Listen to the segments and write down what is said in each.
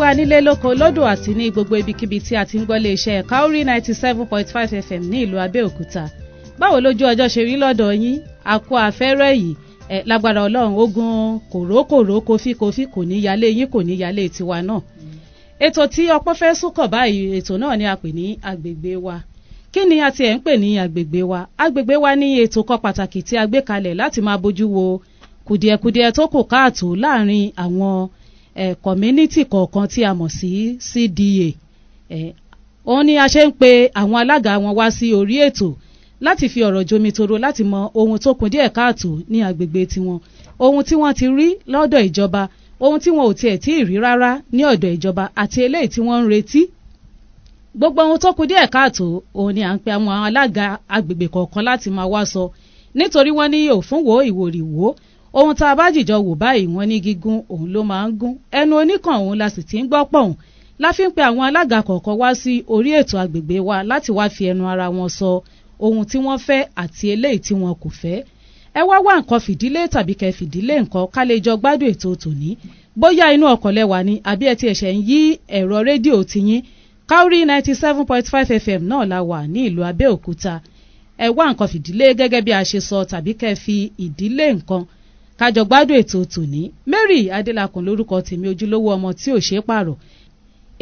wá nílé lóko lódò àti ní gbogbo ibikíbi tí a ti ń gbọ́ lé iṣẹ́ Kauri ninety seven point five FM ní ìlú Abẹ́òkúta báwo lójú ọjọ́ ṣe rí lọ́dọ̀ yín a kó afẹ́rẹ́ yìí ẹ̀ lágbára Ọlọ́run ogun kòrókòró kófíkófí kò ní yálé yín kò ní yálé tiwa náà ètò tí ọpọ́n fẹ́ súnkọ̀ báyìí ètò náà ni a pè ní agbègbè wa kí ni a ti ẹ̀ ń pè ní agbègbè wa agbègbè wa ní ètò kan pàtàkì tí a gbé kalẹ̀ láti máa bójú wo kùdìẹ̀kudiẹ tó kò káàtó láàrin àwọn community kọ̀ọ̀kan tí a mọ̀ sí CDA ó ní a ṣe ń pe àwọn alága wọn wá sí orí ètò láti fi ọ̀rọ̀ jomitoro láti mọ ohun tó kún díẹ̀ káàtó ní agbègbè tiwọn ohun tí wọ́n ti rí lọ́dọ̀ ìjọba ohun tí wọn ò tiẹ̀ tí ì rí rárá ní ọ̀dọ̀ ìjọba àti eléyìí tí wọ́n ń retí gbogbo ohun tó kún díẹ̀ káàtó òun ni à ń pe àwọn alága agbègbè kọ̀ọ̀kan láti máa wá sọ nítorí wọ́n ní òfúnwò ìwòrìwò ohun tá a bá jìjọ wò báyìí wọ́n ní gígùn òun ló máa ń gún ẹnu oníkan òun la sì ti ń gbọ́ pọ̀hùn la ń pe àwọn alága kọ̀ọ̀kan wá sí orí ètò agbègbè wa láti wá fi ẹnu ara wọn sọ ohun tí wọ́n fẹ́ àti eléyìí tí wọn kò fẹ́ ẹ wá wá nǹkan fìdílé tàbí kẹ́ fìdílé nǹkan ká lè jọ gbádùn ètò tòní bóyá inú ọkọ̀ lẹ́wà ni àbí ẹ ti ẹ̀ṣẹ̀ ń yí ẹ̀rọ rédíò tiyín káórí ninety seven point five fm náà la wà ní ìlú abẹ́òkúta ẹ wá nǹkan fìdílé gẹ́gẹ́ bí a ṣe sọ tàbí kẹ́ fi ìdílé nǹkan kájọ gbádùn ètò tòní Mary Adélakùn lórúkọ tèmi ojúlówó ọmọ tí ò ṣeé pààrọ̀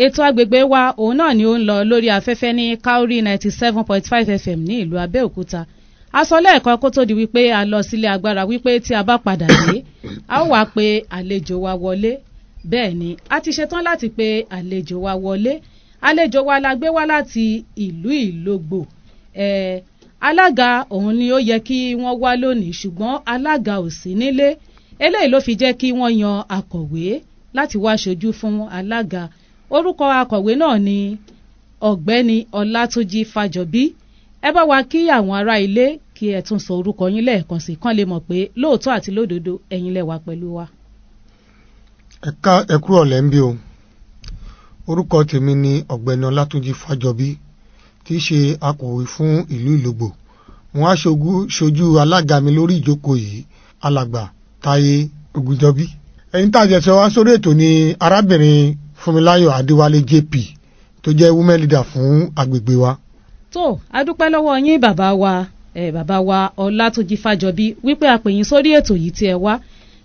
ètò agbègbè wa òun náà ni ó ń lọ lórí afẹ́fẹ́ ní Kauri ninety seven point five FM ní ìlú Abẹ́òkúta a sọ lẹ́ẹ̀kan kó tó di wípé a lọ sílé agbára wípé tí a bá padà dé a ó wá pe àlejò wa wọlé bẹ́ẹ̀ ni a ti ṣetán láti pe àlejò wa wọlé àlejò wa la gbé wá láti ìlú Ìlógbò ẹ̀ẹ́ alága ọ̀hún ni ó yẹ kí wọ́n wá lónìí ṣùgbọ́n alága ò sí nílé eléyìí ló fi jẹ́ kí wọ́n yan akọ̀wé láti wá ṣojú fún alága orúkọ akọ̀wé náà ni ọ̀gbẹ́ni ọlátúnjì fàjọbí ẹ bá wa kí àwọn ará ilé kí ẹ tún sọ orúkọ yín lẹ́ẹ̀kan sí kán lè mọ̀ pé lóòótọ́ àti lódodo ẹ̀yin lẹ wà pẹ̀lú wa. ẹ̀ka ẹ̀kú ọ̀lẹ́ ń bí o orúkọ tèmi ni ọ̀gbẹ́ni ọlátúnjì fàjọbí tí í ṣe akọ̀wé fún ìlú ìlógbò wọn á ṣojú alága mi lórí ìjókòó yìí alàgbà táyé ògùjọbí ẹni tá a jẹsọ wá sórí ètò ni arábìnrin fúnmiláyọ̀ adéwálé jp tó jẹ́ women leader fún agbègbè wa. tó a dúpẹ́ lọ́wọ́ yín bàbá wa eh, bàbá wa ọlátúnjì fàjọbí wípé àpèyìn sórí ètò yìí tí ẹ wá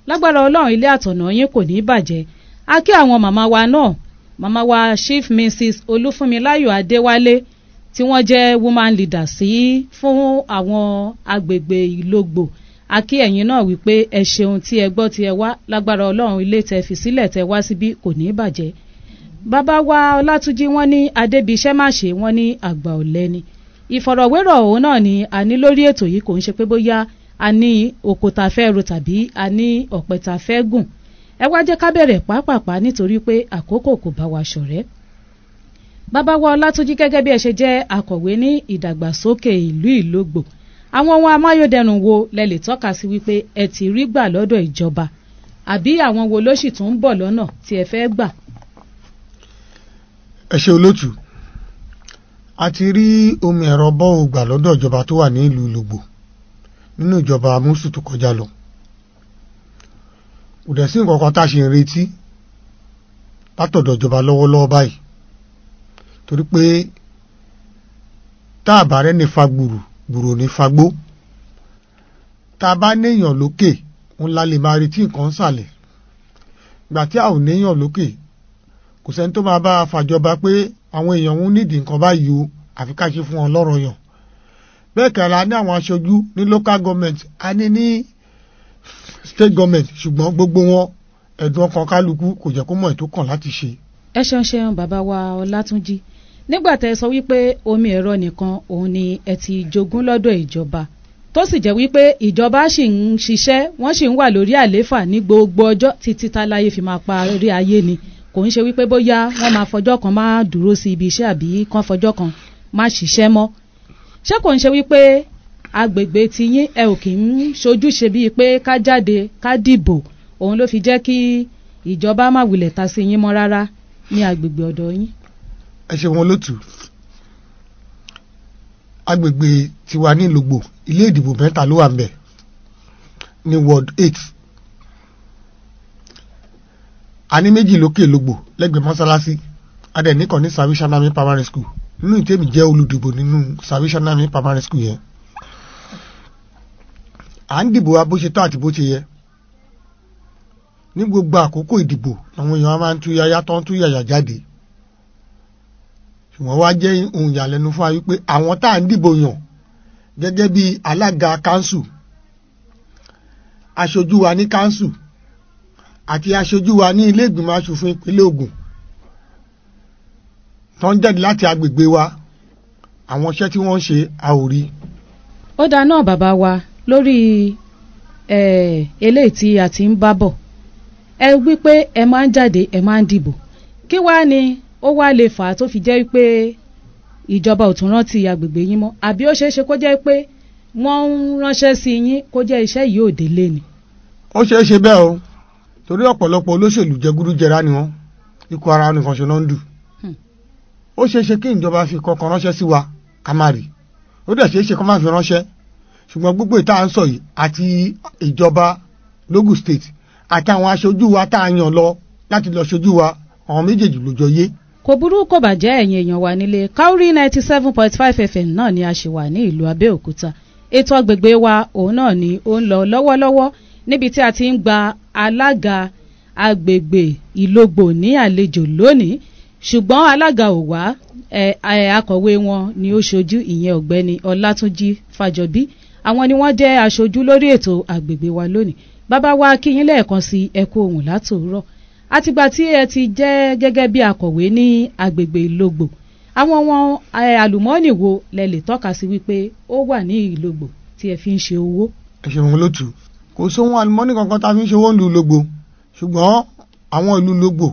lágbára ọlọ́run ilé àtọ̀nà yín kò ní bàjẹ́ a kí àwọn màmá wa náà màmá wa chief mrs olúfúnmiláyọ̀ adéwálé tí wọ́n jẹ́ woman leader sí fún àwọn agbègbè ìlógbò a kí ẹ̀yin náà wípé ẹ ṣeun tí ẹ gbọ́ tí ẹ wá lágbára ọlọ́run ilé tẹ fi sílẹ̀ tẹ wá síbí kò ní bàjẹ́ bàbá wa ọlátúnjí wọ́n ní adébíṣẹ́ má ṣe wọ́n ní àgbà ọ̀lẹ́ni ìfọ̀rọ̀wérọ̀ òun náà ni a ní lórí ètò yìí kò ń ṣe pé bóyá a ní oko fẹ́ ro tàbí a ní ọ̀pẹ fẹ́ gùn ẹ wá jẹ́ ká bẹ̀rẹ̀ pápápá nítorí pé àkókò kò bá wa ṣọ̀rẹ́ bàbá wa ọlátúnjí gẹ́gẹ́ bí ẹ ṣe jẹ́ akọ̀wé ní ìdàgbàsókè ìlú ìlógbò àwọn ohun amáyédẹrùn wo lẹ lè tọ́ka sí wípé ẹ ti rí gbà lọ́dọ̀ ìjọba àbí àwọn wo ló sì tún ń bọ̀ lọ́nà tí ẹ fẹ́ gbà. ẹ ṣe olótù a ti rí omi ẹ̀rọ bọ́ ògbà lọ́dọ̀ ìjọba tó wà ní ìlú ìlógbò nínú ìjọba amúsù tó kọjá lọ kò dẹ̀ sí nǹkan kan tá a ṣe ń retí látọ̀dọ̀ ìjọba lọ́wọ́lọ́wọ́ báyìí torí pé tá a bá rẹ́ni fa gbùrù gbùrù ní fagbó tá a bá néèyàn lókè ńlá lè máa retí nǹkan sàlẹ̀ gbà tí a ò néèyàn lókè kò sẹ́ni tó máa bá a fàjọba pé àwọn èèyàn ń nídìí nǹkan báyìí o àfi ká ṣe fún wọn lọ́rọ̀ yàn bẹ́ẹ̀ kẹ́ra ní àwọn aṣojú ní local government a ní ní state government ṣùgbọ́n gbogbo wọn ẹ̀dùn ọkàn kálukú kò jẹ́ kó mọ̀ ètò kan láti ṣe. ẹ ṣeun ṣeun bàbá wa Ọlátúnjí nígbà tẹ́ sọ wípé omi ẹ̀rọ nìkan òun ni ẹ ti jogún lọ́dọ̀ ìjọba tó sì jẹ́ wípé ìjọba sì ń ṣiṣẹ́ wọ́n sì ń wà lórí àléfà ní gbogbo ọjọ́ títí táláyé fi máa parí ayé ni kò ń ṣe wípé bóyá wọ́n máa fọjọ́ kan má dúró sí ibi iṣẹ́ àbí kán fọjọ́ kan má ṣiṣẹ́ mọ́ ṣé kò ń ṣe wípé agbègbè tiyín ẹ ò kì í ṣojúṣe bíi pé ká jáde ká dìbò òun ló fi jẹ́ kí ìjọba má wulẹ̀ ta sí yín mọ́ rárá ní agbègbè ọ̀dọ̀ yín ẹ ṣe wọn lótú agbègbè tiwa ní ìlògbò ilé ìdìbò mẹ́ta ló wà ń bẹ̀ ní ward eight a ní méjì lókè ìlògbò lẹ́gbẹ̀ẹ́ mọ́sálásí adẹ̀nìkan ní salvation army primary school nínú ìtẹ́mi jẹ́ olùdìbò nínú salvation army primary school yẹn à ń dìbò wa bó ṣe tọ́ àti bó ṣe yẹ ní gbogbo àkókò ìdìbò àwọn èèyàn máa ń tú yáyá tán tú yàyà jáde ṣùgbọ́n wá jẹ́ ohun ìyàlẹ́nu fún wa wípé àwọn tá à ń dìbò yàn gẹ́gẹ́ bí alága kanṣu aṣojú wa ní kanṣu àti aṣojú wa ní ilé ìgbìmọ̀ aṣòfin ìpínlẹ̀ Ògùn tó ń jáde láti agbègbè wa àwọn iṣẹ́ tí wọ́n ń ṣe a ò rí. ó dáa bàbá wa lórí eléyìí tí a ti ń bá bọ̀ ẹ wí pé ẹ máa ń jáde ẹ máa ń dìbò kí wàá ní ó wá lè fà á tó fi jẹ́ pé ìjọba ò tún rántí agbègbè yín mọ́ àbí ó ṣeé ṣe kó jẹ́ pé wọ́n ń ránṣẹ́ sí yín kó jẹ́ iṣẹ́ yìí ò délé ni. ó ṣeé ṣe bẹ́ẹ̀ o torí ọ̀pọ̀lọpọ̀ olóṣèlú jẹgúdújẹrá ni wọ́n ikú ara nìkan ṣe náà ń dù hmm. ó ṣeé ṣe kí ìjọba fi kankan ránṣẹ́ sí wa ká má rí ó dẹ̀ ṣeé ṣe kó má fi ránṣẹ́ ṣùgbọ́n gbogbo ìta ń sọ yìí àti ìjọba logun state àti àwọn aṣojú wa tá a yàn lọ láti lọ ṣojú wa àwọn méjèèjì ló yé kò burú kò bàjẹ́ ẹ̀yin èèyàn wà nílé Kauri ninety seven point five FM náà ni a ṣì wà ní ìlú Abẹ́òkúta ètò agbègbè wa òun náà ni ó ń lọ lọ́wọ́lọ́wọ́ níbi tí a ti ń gba alága agbègbè Ìlógbò ní àlejò lónìí ṣùgbọ́n alága ò wá akọ̀wé wọn ni ó ṣojú ìyẹn ọ̀gbẹ́ni Ọlátúnjí Fájọbí àwọn ni wọ́n jẹ́ aṣojú lórí ètò agbègbè wa lónìí bàbá wa kí lẹ́ẹ̀kan sí ẹ̀kú ohùn látòórọ́ àtìgbà tí ẹ ti jẹ́ gẹ́gẹ́ bí akọ̀wé ní agbègbè ìlógbò àwọn wọn àlùmọ́ọ́nì wo lẹ lè tọ́ka sí wípé ó wà ní ìlógbò tí ẹ fi ń ṣe owó. ẹ ṣeun lótú kò sóhun àlùmọ́ọ́nì kankan tá a fi ń ṣe owó ìlú lógbò ṣùgbọ́n àwọn ìlú lógbò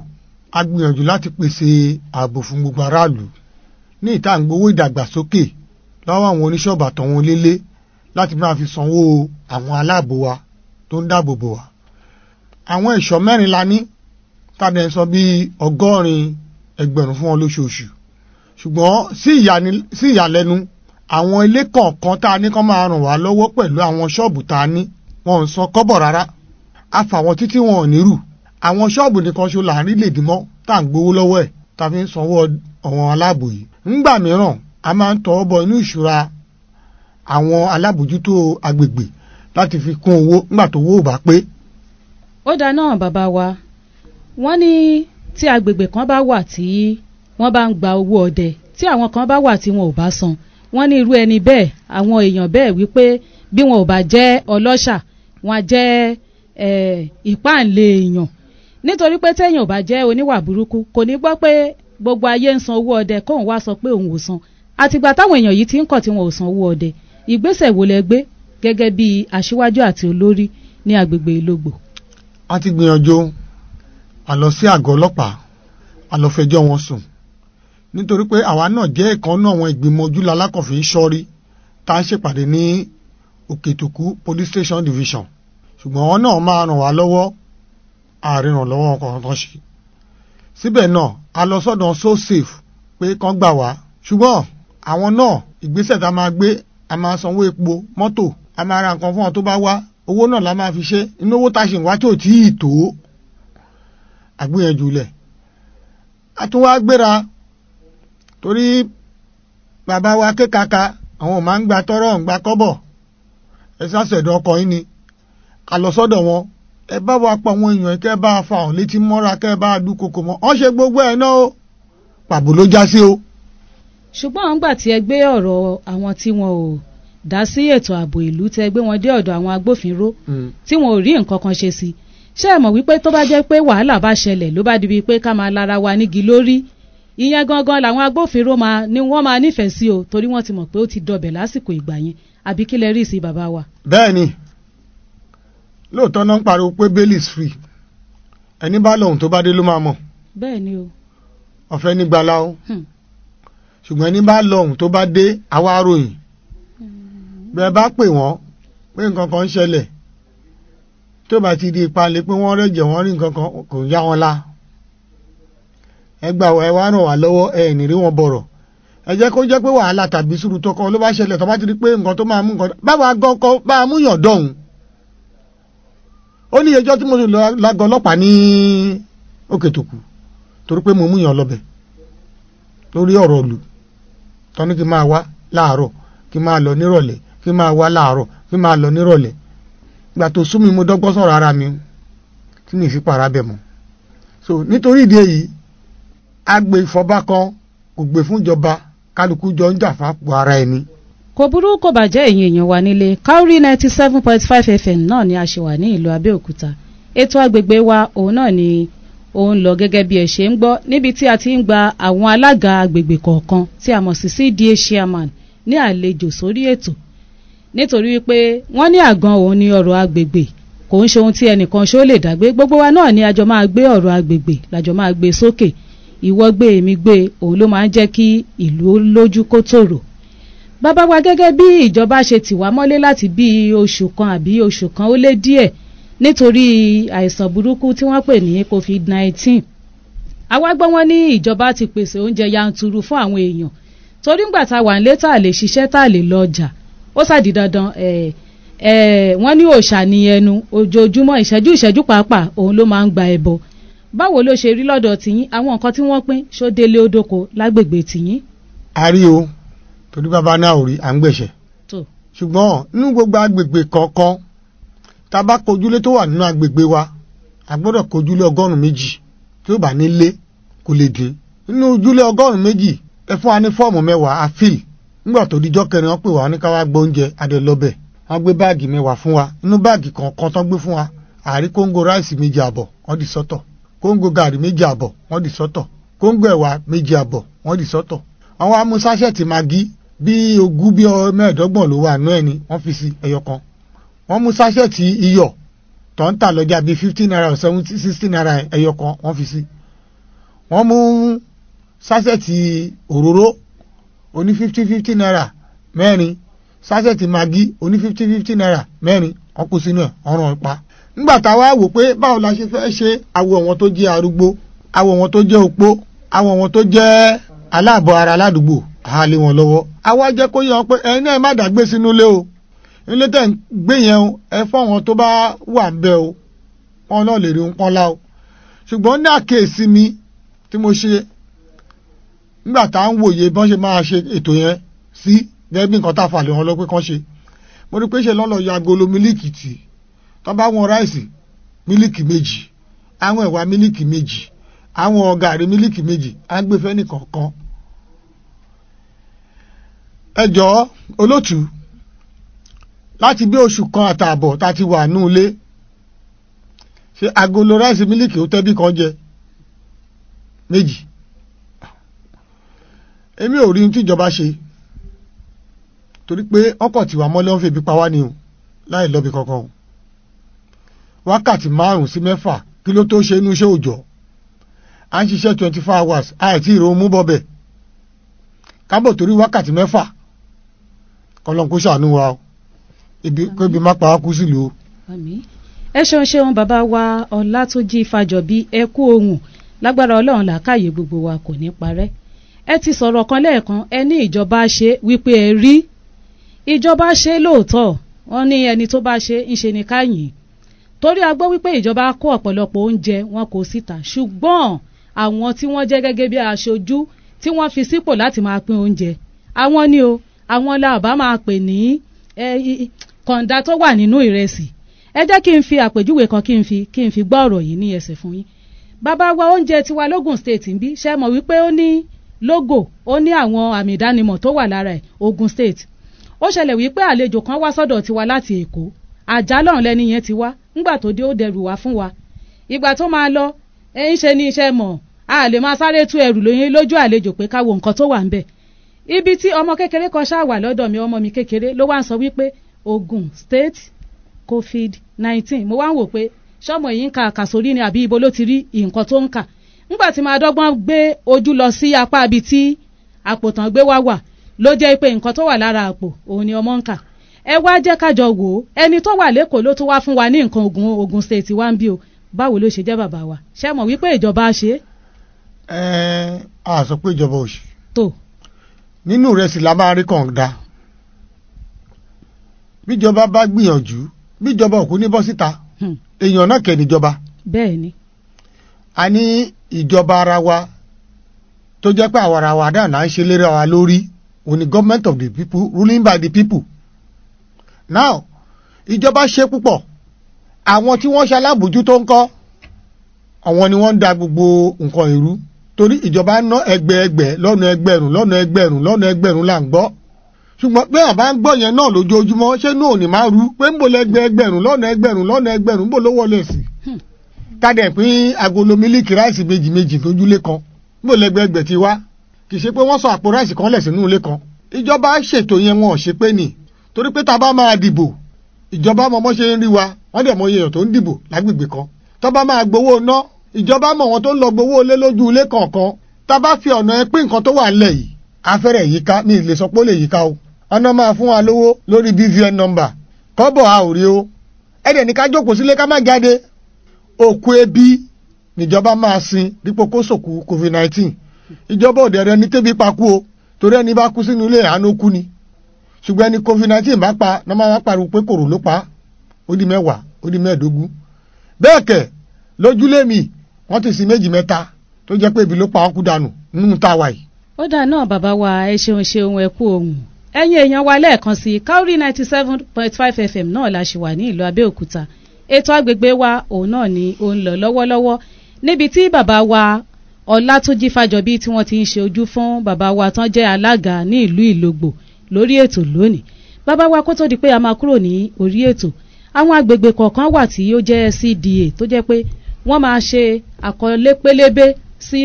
a gbìyànjú láti pèsè ààbò fún gbogbo aráàlú ní ìta ń gbowó ìdàgbàsókè lọ́wọ́ àwọn oníṣọ́ọ̀bù àtọ̀wọn onílé láti máa fi sanwó àwọn aláàbò wa tó ń dáàbò bò wá. àwọn ẹ̀ṣọ́ mẹ́rin la ní tàbí sọ bí ọgọ́rin ẹgbẹ̀rún fún wọn lóṣooṣù ṣùgbọ́n sí ìyàlẹ́nu àwọn ilé kọ̀ọ̀kan tá a ní kán máa ràn wá lọ́wọ́ pẹ̀lú àwọn ṣọ́ọ̀bù tá a ní wọn ò san kọ́bọ̀ rárá a fà wọn títí wọn ò nírù àwọn ṣọ́ọ̀bù nìkan ṣo là ń rí lèdí mọ́ tá à ń gbowó lọ́wọ́ ẹ̀ tá a fi ń sanwó àwọn aláàbò yìí ńgbà mìíràn a máa ń tọwọ́ bọ inú ìṣúra àwọn alábòjútó agbègbè láti fi kún owó ńgbà tó owó ò bá pé. ó dáná bàbá wa wọ́n ní tí agbègbè kan bá wà tí wọ́n bá ń gba owó ọdẹ tí àwọn kan bá wà tí wọn ò bá san wọ́n ní irú ẹni bẹ́ẹ̀ àwọn èèyàn bẹ́ẹ̀ wípé bí wọn ò bá jẹ́ ọlọ́ṣà wọn á jẹ́ ìpáǹlé èèyàn nítorí pé téèyàn ò bá jẹ́ oníwà burúkú kò ní gbọ́ pé gbogbo ayé ń san owó ọdẹ kóun wá sọ pé òun ò san àtìgbà táwọn èèyàn yìí ti ń kọ̀ tí wọn ò san owó ọdẹ ìgbésẹ̀ wo lẹ gbé gẹ́gẹ́ bí aṣíwájú àti olórí ní agbègbè ìlógbò. a ti gbìyànjú a lọ sí àgọ́ ọlọ́pàá a lọ fẹjọ́ wọn sùn nítorí pé àwa náà jẹ́ ìkan náà àwọn ìgbìmọ̀ ojúlọ alákọ̀fín sọ́rí tá a ṣèpàdé ní òkètòkú police station division ṣùgbọ́n wọn náà máa ràn wá lọ́wọ́ àárín ràn lọ́wọ́ ọkọ̀ kan ṣe síbẹ̀ náà a lọ sọ́dọ̀ so safe pé kán gbà wá ṣùgbọ́n àwọn náà ìgbésẹ̀ tá a máa gbé a máa sanwó epo mọ́tò a máa ra nǹkan fún wọn tó bá wá owó náà la máa fi ṣe inú owó tá a ṣe ń wá tí ò tí ì tó àgbéyànjú lẹ̀ a tún wá gbéra torí bàbá wa kékaka àwọn ò máa ń gba tọ́rọ̀ ń gba kọ́bọ̀ ẹ sásẹ̀dọ̀ ọkọ̀ yín ni a lọ sọ́dọ̀ wọn ẹ bá wa pa àwọn èèyàn kẹ́ bá fa ọ̀hún létí mọ́ra kẹ́ bá dúkokò mọ́ ọ́n ṣe gbogbo ẹ̀ náà o pàbó ló já sí o. ṣùgbọ́n àwọn gbà tí ẹ gbé ọ̀rọ̀ àwọn tí wọn ò dá sí ètò ààbò ìlú tẹ gbé wọn dé ọ̀dọ̀ àwọn agbófinró hmm. tí wọn ò rí nǹkan kan ṣe sí i ṣé ẹ mọ̀ wípé tó bá jẹ́ pé wàhálà bá ṣẹlẹ̀ ló bá di bíi pé ká máa lara wa nígi lórí ìyẹn gangan làwọn agbófinró máa ni wọ́n máa nífẹ̀ẹ́ sí o torí wọ́n ti mọ̀ pé ó ti dọbẹ̀ lásìkò ìgbà yẹn àbí kí rí sí bàbá wa. bẹ́ẹ̀ni lóòótọ́ náà ń pariwo pé bail is free ẹni bá lóhun tó bá dé ló máa mọ̀. bẹ́ẹ̀ni o. ọ̀fẹ́ ní gbala o hmm. ṣùgbọ́n ẹni bá lóhun tó bá dé àwa ròyìn hmm. bẹ́ẹ̀ bá pè wọ́n pé nǹkan kan ń ṣẹlẹ̀ tó bá ti di ìpalẹ̀ pé wọ́n rẹ̀jẹ̀ wọ́n rí nǹkan kan kò yá wọn la ẹ gbà ẹ wá ràn wá lọ́wọ́ ẹ ní rí wọn bọ̀rọ̀ ẹ jẹ́ kó jẹ́ pé wàhálà tàbí sùúrù tọkọ ló bá ṣẹlẹ̀ tó bá ti di pé nǹkan tó máa mú nǹkan báwa gan kọ bá a mú yàn dọ̀hún ó ní ẹjọ́ tí mo lọ lágọ̀ ọlọ́pàá ní òkè tòkù torí pé mo mú yàn lọ́bẹ̀ lórí ọ̀rọ̀ lù tọ́ni kí máa wá láàárọ̀ kí máa lọ nírọ̀lẹ́ kí máa wá láàárọ̀ kí máa lọ nírọ̀lẹ́ ìgbà tó sú mi mo dọ́gbọ́n sọ̀rọ̀ ara mi tí mi fi para bẹ̀ mọ́ so nítorí ìdí èyí agbe ìfọba kan kò gbé fún ìjọba kálukú jọ ń jà fápò ara ẹni. kò burú kò bàjẹ́ èyí èèyàn wà nílé Kauri ninety seven point five FM náà ni a ṣe wà ní ìlú Abẹ́òkúta ètò agbègbè wa òun náà ni òun lọ gẹ́gẹ́ bí ẹ ṣe ń gbọ́ níbi tí a ti ń gba àwọn alága agbègbè kọ̀ọ̀kan tí a mọ̀ sí CDA chairman ní àlejò sórí ètò nítorí wípé wọ́n ní àgbọn òun ni ọ̀rọ̀ agbègbè kò ń ṣe ohun tí ẹnìkan ṣó lè dá gbé gbogbo wa náà ni àjọ máa gbé ọ̀rọ̀ agbègbè làjọ máa gbé sókè ìwọ gbé èmi gbé òun ló máa ń jẹ́ kí ìlú lójú kó tòrò bàbá wa gẹ́gẹ́ bí ìjọba ṣe tì wá mọ́lé láti bí oṣù kan àbí oṣù kan ó lé díẹ̀ nítorí àìsàn burúkú tí wọ́n pè ní covid nineteen àwa gbọ́ wọn ní ìjọba ti pèsè oúnjẹ yanturu fún àwọn èèyàn torí ńgbà tá a wà ń lé tá lè ṣiṣẹ́ tá lè lọ ọjà ó ṣàdí dandan wọ́n ní òòṣà ní ẹnu ojoojúmọ́ ìṣẹ́jú ìṣẹ́jú pàápàá òun ló máa ń gba ẹbọ báwo ló ṣe rí lọ́dọ̀ tìyín àwọn nǹkan tí wọ́n pín sódélé ódóko lágbègbè tìyín. a rí o torí bàbá náà ò rí à ń gbẹ̀ṣẹ̀ ṣùgbọ́n nínú gbogbo agbègbè kọ̀ọ̀kan tá a bá kojúlé tó wà nínú agbègbè wa a gbọ́dọ̀ kojúlé ọgọ́rùn-ún méjì tó bá nílé kò lè dín nínú ojúlé ọgọ́rùn-ún méjì ẹ fún wa ní fọ́ọ̀mù mẹ́wàá a fíìlì nígbà tó dijọ́ kẹrin wọ́n pè wá ní ká wá gbọ́ oúnjẹ adẹ́lọ́bẹ̀ wọ́n gbé báàgì mẹ́wàá fún wa inú báàgì kọ̀ọ̀kan tán gbé fún wa àárí kóńgò ráìsì méjì àbọ̀ wọ́n di sọ́tọ̀ kóńgò gàrí méjì àbọ̀ wọ́n di sọ́tọ̀ kóńgò ẹ̀wà méjì àbọ̀ wọ́n di sọ́tọ̀ àwọn amúsáṣẹ́ẹ̀tì magi bíi ogún bíi mẹ́ẹ̀ẹ́dọ́gbọ̀n ló wà nú ẹ̀ ni wọ́n fi sí ẹyọ kan wọ́n mú iyọ̀ tó lọ́jà bíi fifteen naira or seventy sixteen naira ẹyọ kan wọ́n fi sí wọ́n mú sáṣẹ́ẹ̀tì òróró oní fifty fifty naira mẹ́rin sásẹ̀tì magi oní fifty fifty naira mẹ́rin ọkù sínú ẹ̀ ọ̀ràn pa. nígbà tá a wá wò pé báwo la ṣe fẹ́ ṣe àwọ̀ wọn tó jẹ́ arúgbó àwọ̀ wọn tó jẹ́ opó àwọ̀ wọn tó jẹ́ aláàbọ̀ ara aládùúgbò a lé wọn lọ́wọ́. àwa jẹ́ kó yẹ wọn pé ẹ̀yin náà má dàgbé sínú ilé o ilé tẹ̀ ń gbé yẹn o ẹ fọ́wọn tó bá wà ń bẹ o wọn náà lè rí ń pọ́nlá o ṣùgbọ́n ní àkíyèsí mi tí mo ṣe nígbà tá à ń wòye bọ́n ṣe máa ṣe ètò yẹn sí gẹ́gẹ́ bí nǹkan tá a fà lé wọn lọ pé kán ṣe mo rí pé ṣe lọ́lọ́ ya agolo mílíkì tì tọ́ bá wọn ráìsì mílíkì méjì àwọn ẹ̀wà mílíkì méjì àwọn gàrí mílíkì méjì á ń gbé fẹ́ni kọ̀ọ̀kan. ẹ jọ̀ọ́ olótù láti bí oṣù kan àtààbọ̀ tá a ti wà nù ilé ṣe agolo ráìsì mílíkì ó tẹ́bí kan jẹ méjì èmi ò rí ohun tí ìjọba ṣe torí pé ọkọ̀ tiwa mọ́lẹ́ wọ́n fi ebi pa wá ni o láì lọ́bi kankan o wákàtí márùn sí mẹ́fà kí ló tó ṣe inú iṣẹ́ òòjọ́ à ń ṣiṣẹ́ twenty four hours àìtí ìrò mú bọ́bẹ̀ kábọ̀ torí wákàtí mẹ́fà kọlọ́nkó ṣàánú wa ibi kébi má pa á kú sílùú. ẹ ṣeun ṣeun bàbá wa ọlátúnjì fàjọbí ẹ kú ohun lágbára ọlọ́run làákàyè gbogbo wa kò ní parẹ́. ẹ ti sọ̀rọ̀ kan lẹ́ẹ̀kan ẹ ní ìjọba ṣe wípé ẹ rí ìjọba ṣe lóòótọ́ wọ́n ní ẹni tó bá ṣe ń ṣe ní káyìn torí a gbọ́ wípé ìjọba kó ọ̀pọ̀lọpọ̀ oúnjẹ wọn kò síta ṣùgbọ́n àwọn tí wọ́n jẹ́ gẹ́gẹ́ bí aṣojú tí wọ́n fi sípò láti máa pín oúnjẹ àwọn ni o àwọn la bá máa pè ní kọ̀ǹda tó wà nínú ìrẹsì ẹ jẹ́ kí n fi àpèjúwe kan kí n fi kí n fi gbọ́ ọ̀rọ̀ yìí ní ẹsẹ̀ fún yín bàbá wa oúnjẹ tiwa lógùn state ń bí ṣe mọ̀ wípé ó ní logo ó ní àwọn àmì ìdánimọ̀ tó wà lára ẹ̀ Ogun State ó ṣẹlẹ̀ wípé àlejò kan wá sọ́dọ̀ tiwa láti Èkó àjálọ̀run lẹ́ni yẹn ti wá ńgbà tó dé ó dẹrù wá fún wa ìgbà tó máa lọ ẹ ń ṣe ní iṣẹ́ mọ̀ a lè máa sáré tú ẹrù lóyún lójú àlejò pé ká wo nǹkan tó wà ń bẹ̀ ibi tí ọmọ kékeré kan ṣáà wà lọ́dọ̀ mi ọmọ mi kékeré ló wá ń sọ wípé Ogun State covid nineteen mo wá ń wò pé ṣọ́mọ yìí ń ka àkàsórí ni àbí ibo ló ti rí nǹkan tó ń kà nígbà tí máa dọ́gbọ́n gbé ojú lọ sí apá ibi tí àpòtàn gbé wá wà ló jẹ́ pé nǹkan tó wà lára àpò òun ni ọmọ ń kà ẹ wá jẹ́ kájọ wò ó ẹni tó wà lẹ́kọ̀ọ́ ló tún wá fún wa ní nǹkan ogun Ogun State wá ń bí o báwo ló ṣe jẹ́ bàbá wa ṣé mọ̀ wípé ìjọba ṣe. ẹ á sọ pé ìjọba ò ṣe. tó. nínú ìrẹsì la máa rí kàn dá bíjọba bá gbìyànjú bíjọba òkú ní bọ́ síta hmm. èèyàn náà kẹ́ níjọba. bẹ́ẹ̀ ni. a ní ìjọba ara wa tó jẹ́ pé àwa ara wa dáná ń ṣe léra wa lórí òun government of the people ruling by the people now ìjọba ṣe púpọ̀ àwọn tí wọ́n ṣe alábòjútó ń kọ́ àwọn ni wọ́n ń da gbogbo nǹkan ìrú torí ìjọba ná ẹgbẹẹgbẹ̀ lọ́nà ẹgbẹ̀rún lọ́nà ẹgbẹ̀rún lọ́nà ẹgbẹ̀rún là ń gbọ́ ṣùgbọ́n pé àbá ń gbọ́ yẹn náà lójoojúmọ́ ṣé inú òní máa rú pé ń bò lẹ́gbẹ̀ẹ́gbẹ̀rún lọ́nà ẹgbẹ̀rún lọ́nà ẹgbẹ̀rún bò ló wọlé sí kádẹ̀ pín agolo mílíkì ráìsì méjì méjì tójúlé kan bó lẹgbẹgbẹ ti wá kì í ṣe pé wọ́n sọ àpò ráìsì kan lẹ̀ sínú ilé kan ìjọba ṣètò yẹn wọn ò ṣe pé nì torí pé tá a bá máa dìbò ìjọba mọ mọ́ ṣe ń rí wa wọ́n dẹ̀ mọ iye èèyàn tó ń dìbò lágbègbè kan tó bá máa gbowó ná ìjọba mọ̀ wọn tó ń lọ gbowó lé lójú ilé kọ̀ọ̀kan tá a bá fi ọ̀nà ẹ pín nǹkan tó wà ńlẹ̀ yìí afẹ́rẹ́ yìí ká mi lè sọ pé ó lè yìí ká o ọ̀nà máa fún wa lówó lórí BVN number kọ́bọ̀ a ò rí o ẹ̀dẹ̀ ní ká jókòó sílé ká má jáde òkú ebi níjọba máa sin dípò kó sòkú covid nineteen ìjọba òde ẹ̀rẹ́ ní tẹ́bi pakú o torí ẹni bá kú sínú ilé àánú kú ni ṣùgbọ́n ẹni covid nineteen bá pa náà máa pariwo pé kòrò ló pa ó di mẹ́wàá ó di mẹ́ẹ̀ẹ́dógún bẹ́ẹ̀ kẹ̀ lójúlé mi wọ́n ti sin méjì mẹ́ta tó jẹ́ pé ibi ló pa ọkú dànù nínú táwa yìí. ó dà náà bàbá wa ẹ ṣeun ṣeun ẹ kú ohun ẹ̀yin èèyàn wa lẹ́ẹ̀kan sí Kauri ninety seven point five FM náà la ṣì wà ní ìlú Abẹ́òkúta ètò agbègbè wa òun náà ni ó ń lọ lọ́wọ́lọ́wọ́ níbi tí bàbá wa ọlátúnjí fàjọbí tí wọ́n ti ń ṣe ojú fún bàbá wa tán jẹ́ alága ní ìlú ìlógbò lórí ètò lónìí bàbá wa kó tó di pé a máa kúrò ní orí ètò àwọn agbègbè kọ̀ọ̀kan wà tí ó jẹ́ cda tó jẹ́ pé wọ́n máa ṣe àkọlé pélébé sí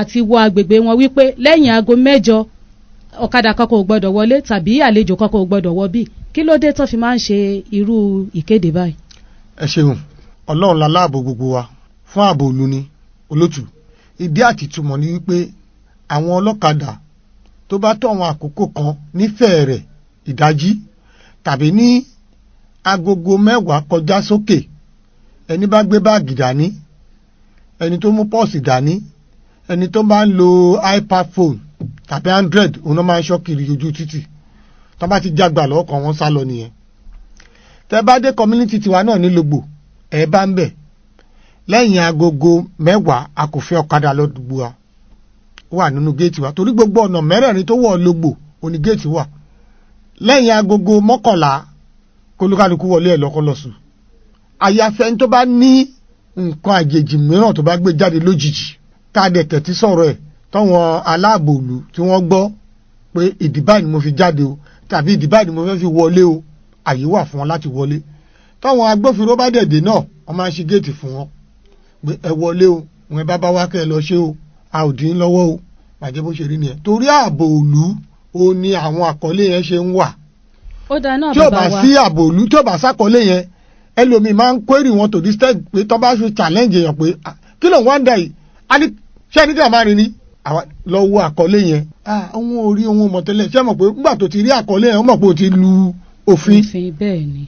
àti wọ agbègbè wọn wípé lẹ́yìn aago mẹ́jọ ọ̀kadà kankan ò gbọ́dọ̀ wọlé tàbí àlejò kankan ò gbọ́dọ̀ wọ bí kí ló dé tó fi máa ń ṣe irú ìkéde báyìí ẹ ṣeun ọlọ́run láláàbò gbogbo wa fún ààbò òlu ni olótù ìdí àtìtumọ̀ ni wípé àwọn ọlọ́kadà tó bá tó àwọn àkókò kan nífẹ̀ẹ́ rẹ̀ ìdájí tàbí ní agogo mẹ́wàá kọjá sókè ẹni bá gbé báàgì dání ẹni tó mú pọ́ọ̀sì dání ẹni tó bá ń lo ipad phone tàbí android òun náà máa ń ṣọ́ kiri ojú títì tó bá ti jágbà lọ́kàn wọn sá lọ nìyẹn tẹ́ community tiwa náà ní logbo ẹ bá ń bẹ̀ lẹ́yìn agogo mẹ́wàá a kò fẹ́ ọ̀kadà lọ gbogbo wa wà nínú géètì wa torí gbogbo ọ̀nà mẹ́rẹ̀ẹ̀rin tó wọ̀ logbo òní géètì wà lẹ́yìn agogo mọ́kànlá kólúkálukú wọlé ẹ̀ lọ́kọ́lọ́sùn àyàfẹ́ tó bá ní nǹkan àjèjì mìíràn tó bá gbé jáde lójijì ká dẹ̀ tẹ̀tí sọ̀rọ̀ ẹ̀ tọ́wọn aláàbòlù tí wọ́n gbọ́ pé ìdìbà ni mo fi jáde o tàbí ìdìbà ni mo fẹ́ fi wọlé o àyè wà fún wọn láti wọlé táwọn agbófinró bá dẹ̀ dé náà wọ́n máa ń ṣe géètì fún wọn pé ẹ wọlé o wọn bá bá wá kẹ́ ẹ lọ ṣe o a ò dín lọ́wọ́ o bàjẹ́ bó ṣe rí nìyẹn torí ààbò òlú o ní àwọn àkọlé yẹn ṣe ń wà. ó dáa náà bàbá wa tí ò bá sí ààbò òlú tí ò bá sàkọlé yẹn ẹlòmíì máa ń kórè wọn tòdí stẹ́ẹ̀d pé tọ́ bá ṣe challenge yẹn pé ah, kí ló ń wá ń dà yìí ṣé ẹni tí a máa rin ni lọ wo àkọlé yẹn àwọn ah, orí ohun mọ̀tẹ́lẹ̀ ṣé mọ̀ pé nígbà tó ti rí àkọlé yẹn ó mọ̀ pé ó ti lu òfin. òfin bẹ́ẹ̀ ni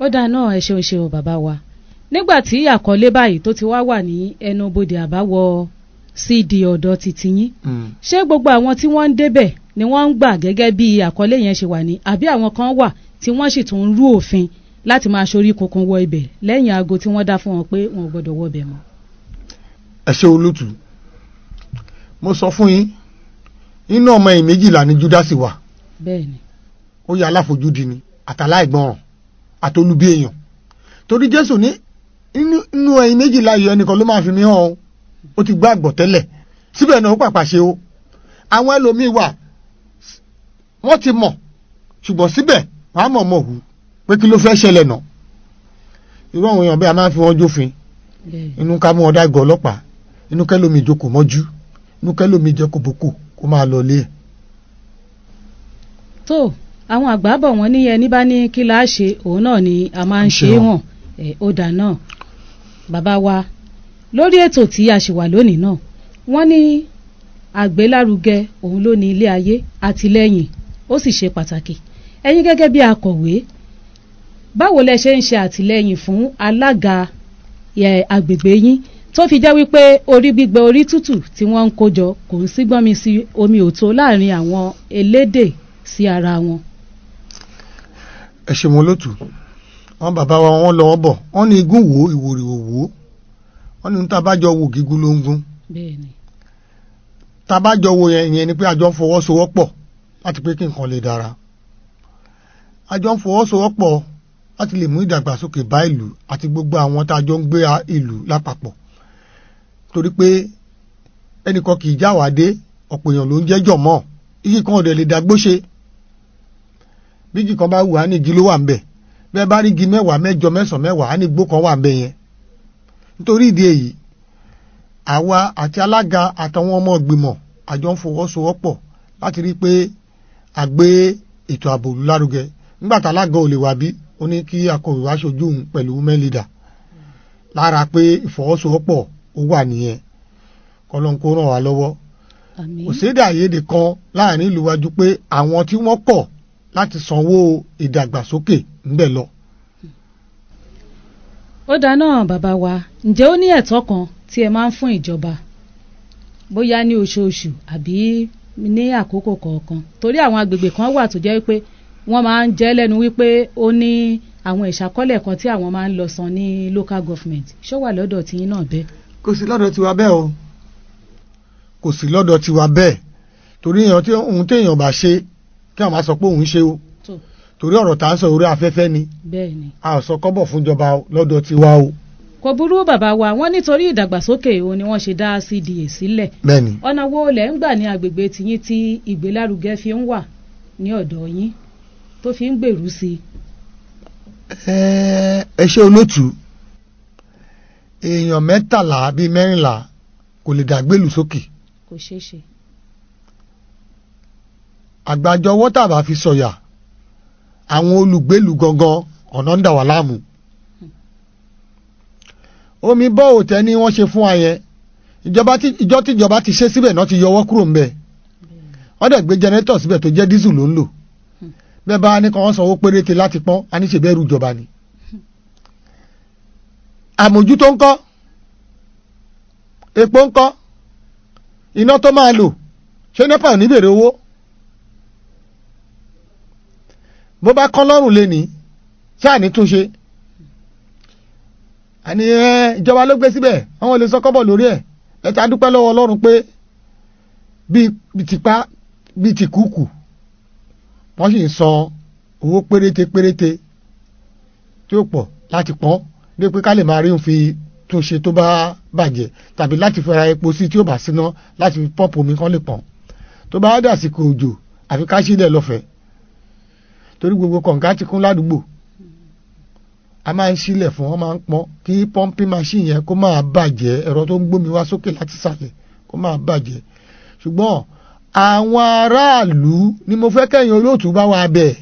ó dáa náà ẹ ṣeun ṣeun bàbá wa nígbà tí àkọlé báyìí tó ti wá wà ní ẹnu bodè àbáwọ cd ọ̀dọ̀ titi yín hmm. ṣé gbogbo àwọn tí wọ́n ń débẹ̀ ni wọ́n ń gbà gẹ́gẹ́ bí àkọlé yẹn ṣe wà ní àbí àwọn kan wà tí wọ́n sì tún ń rú òfin láti máa ṣorí kunkun wọ ibẹ̀ lẹ́yìn aago tí wọ́n dá fún wọn pé wọn ò gbọ́dọ̀ wọ ibẹ̀ mọ́. ẹ ṣe olótù mo sọ fún yín nínú ọmọ yìí méjìlá ni júdásì wà bẹ́ẹ̀ni ó yẹ aláfojúdi ni àtàláìgbọràn àtolúbí èèyàn torí Jésù ní inú ẹyin méjìlá yìí ẹnìkan ló máa fi mí hàn o ó ti gbọ́ àgbọ̀ tẹ́lẹ̀ síbẹ̀ náà ó pàpà ṣe o àwọn ẹlòmíín wà wọ́n ti mọ̀ ṣùgbọ́n síbẹ̀ wọ́n á mọ̀ mọ̀ hù pé kí ló fẹ́ ṣẹlẹ̀ náà irú àwọn èèyàn bẹ́ẹ̀ a máa fi wọ́n jófin inú ká mú ọ̀dà ìgò ọlọ́pàá inú kẹ́lómi ìjókòó mọ́jú inú kẹ́lómi ìjẹ́kòbókò kó máa lọ lé tó àwọn àgbà bọ̀ wọ́n ní ẹni bá ní kí la ṣe òun náà ni a máa ń ṣe é ó dà náà bàbá wa lórí ètò tí a ṣì wà lónìí náà wọ́n ní àgbélárugẹ òun ló ní ilé ayé àtìlẹ́yìn ó sì ṣe pàtàkì ẹ̀yin gẹ́gẹ́ bí akọ̀wé báwo lẹ ṣe ń ṣe àtìlẹ́yìn fún alága agbègbè yín tó fi jẹ́ wípé orí gbígbẹ orí tútù tí wọ́n ń kó jọ kò ń sígbọ́n mi sí omi òtó láàrin àwọn elédè sí ara wọn ẹ ṣe mo lótú wọn bàbá wa wọn lọ wọn bọ̀ wọn ní igun wo ìwòrìwò wo wọn ní tá a bá jọ wo gígùn ló ń gún tá a bá jọ wo yẹn yẹn ni pé àjọ ń fọwọ́sowọ́pọ̀ láti pé kí nǹkan lè dára àjọ ń fọwọ́sowọ́pọ̀ láti lè mú ìdàgbàsókè bá ìlú àti gbogbo àwọn tá a jọ ń gbé ìlú lápapọ̀ torí pé ẹnìkan kì í jáwàá dé ọ̀pọ̀ èèyàn ló ń jẹ́jọ̀ mọ́ iyì ọ̀dẹ̀ lè dàgbó ṣe bíjì kan bá wù á ní igi ló wà ń bẹ̀ bẹ́ẹ̀ bá rí igi mẹ́wàá mẹ́jọ mẹ́sàn-án mẹ́wàá á ní igbó kan wà ń bẹ̀ yẹn nítorí ìdí èyí àwa àti alága àtàwọn ọmọ ìgbìmọ̀ àjọ ń fọwọ́sowọ́pọ̀ láti rí i pé a gbé ètò ààbò lárugẹ nígbà tá alága ò lè wá bí ó ní kí akọ̀wé wá ṣojú òun pẹ̀lú women leader lára pé ìfọwọ́sowọ́pọ̀ ó wà nìyẹn kọlọ́n ràn wá lọ́wọ́ òṣèdè àyèdè kan láàrin ìlú wájú pé àwọn tí wọ́n kọ̀ láti sanwó ìdàgbàsókè ńbẹ̀ lọ. ó dáná bàbá wa ǹjẹ́ ó ní ẹ̀tọ́ kan tí ẹ máa ń fún ìjọba bóyá ní oṣooṣù àbí ní àkókò kọ̀ọ̀kan torí àwọn agbègbè kan wà tó jẹ́ pé wọ́n máa ń jẹ́ lẹ́nu wípé ó ní àwọn ìṣàkọọ́lẹ̀ kan tí àwọn máa ń lọ san ní local government ṣó wà lọ́dọ̀ tiyín náà bẹ́ẹ̀. kò sí lọ́dọ̀ tiwa bẹ́ẹ̀ o kò sí lọ́dọ̀ tiwa bẹ́ẹ̀ torí ohun téèyàn bá ṣe kí àwọn máa sọ pé òun ṣe o torí ọ̀rọ̀ tá à ń sọ orí afẹ́fẹ́ ni a ò sọ kọ́bọ̀ fúnjọba lọ́dọ̀ tiwa o. kò burú bàbá wa wọn nítorí ìdàgbàsókè òun ni wọn ṣe dá CDA sílẹ. ọ̀nà wo lẹ̀ ń gbà ní agbègbè tiyín tí ìgbélárugẹ fi ń wà ní ọ̀dọ̀ yín tó fi ń gbèrú sí i. ẹ ṣe olótú èèyàn mẹ́tàlá bíi mẹ́rìnlá kò lè dàgbélù sókè. àgbàjọ ọwọ́ tàbá fi sọ̀yà àwọn olùgbèlú gangan ọ̀nà ń dà wá láàmú. omi bọ́ òtẹ́ ni wọ́n ṣe fún wa yẹn ìjọ tíjọba ti ṣe síbẹ̀ náà ti yọwọ́ kúrò ń bẹ̀ wọ́n dẹ̀ gbé jẹnẹrétọ̀ síbẹ̀ tó jẹ́ dísù ló ń lò bẹ́ẹ̀ bá ní kàn wọ́n sanwó péréte láti pọ́n a ní ṣe bẹ́ẹ̀ rú ìjọba ni. àmójútó ńkọ́ epo ńkọ́ iná tó máa lò ṣé nepa ò ní bèrè owó. bó bá kọ́ lọ́rùn lẹ́ni sáà ní túnṣe àní ìjọba ló gbé síbẹ̀ àwọn lè sọ kọ́bọ̀ lórí ẹ̀ ẹ̀ta dúpẹ́ lọ́wọ́ ọlọ́run pé bíi tipa bíi tìkúùkù wọ́n sì ń san owó péréte péréte tí ó pọ̀ láti pọ́n bí pé ká lè máa rí òun fi tún tó bá bàjẹ́ tàbí láti fi epo sí tí ó bá síná láti fi pọ́ǹpù omi kan lè pọ̀n tó bá dàsìkò òjò àfi ká ṣílẹ̀ lọ́fẹ̀ẹ́ torí gbogbo kọ̀ǹká ti kún ládùúgbò a máa ń sílẹ̀ fún wọn máa ń pọ́n kí pọ́ńpì machine yẹn kó máa bàjẹ́ ẹ̀rọ tó ń gbómi wá sókè láti sàlẹ̀ kó máa bàjẹ́ ṣùgbọ́n àwọn aráàlú ni mo fẹ́ kẹ́yìn olóòtú bá wa bẹ̀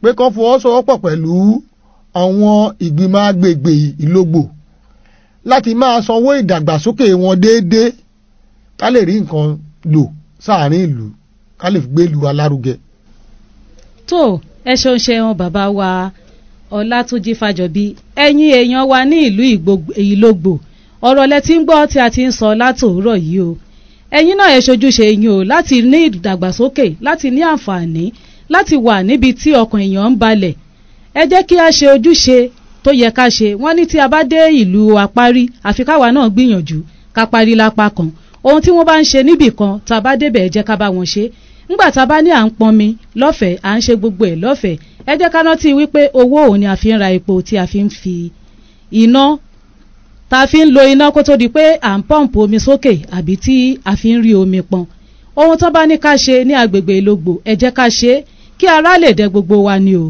pé kán fọwọ́sowọ́pọ̀ pẹ̀lú àwọn ìgbìmọ̀ agbègbè ìlógbò láti máa sanwó ìdàgbàsókè wọn déédéé ká lè rí nǹkan lò sáàrin ìlú ká lè gbé ìlú wa lárugẹ tó ẹ ṣeun ṣeun bàbá wa ọlátúnjí fàjọbí ẹ̀yin èèyàn wa ní ìlú ìlógbò ọ̀rọ̀ lẹ ti ń gbọ́ tí a ti ń sọ látòórọ̀ yìí o ẹ̀yin náà ẹ ṣojúṣe yín o láti ní ìdàgbàsókè láti ní àǹfààní láti wà níbi tí ọkàn èèyàn ń balẹ̀ ẹ jẹ́ kí a ṣe ojúṣe tó yẹ ká ṣe wọ́n ní tí a bá dé ìlú àparí àfi káwa náà gbìyànjú ká parí lápá kan ohun tí wọ́n bá ń ṣe níbì kan tá a bá débẹ̀ ẹ jẹ́ ká bá wọn ṣe ńgbà tá a bá ní à ń pọnmi lọ́fẹ̀ẹ́ à ń ṣe gbogbo ẹ̀ lọ́fẹ̀ẹ́ ẹ jẹ́ ká rántí wípé owó òun ni a fi ń ra epo tí a fi ń fi iná tá a fi ń lo iná kó tó di pé à ń pọ́ǹpù omi sókè àbí tí a fi ń rí omi pọn ohun tó bá ní ká ṣe ní agbègbè ìlógbò ẹ jẹ́ ká ṣe é kí ara lè dẹ gbogbo wa ni o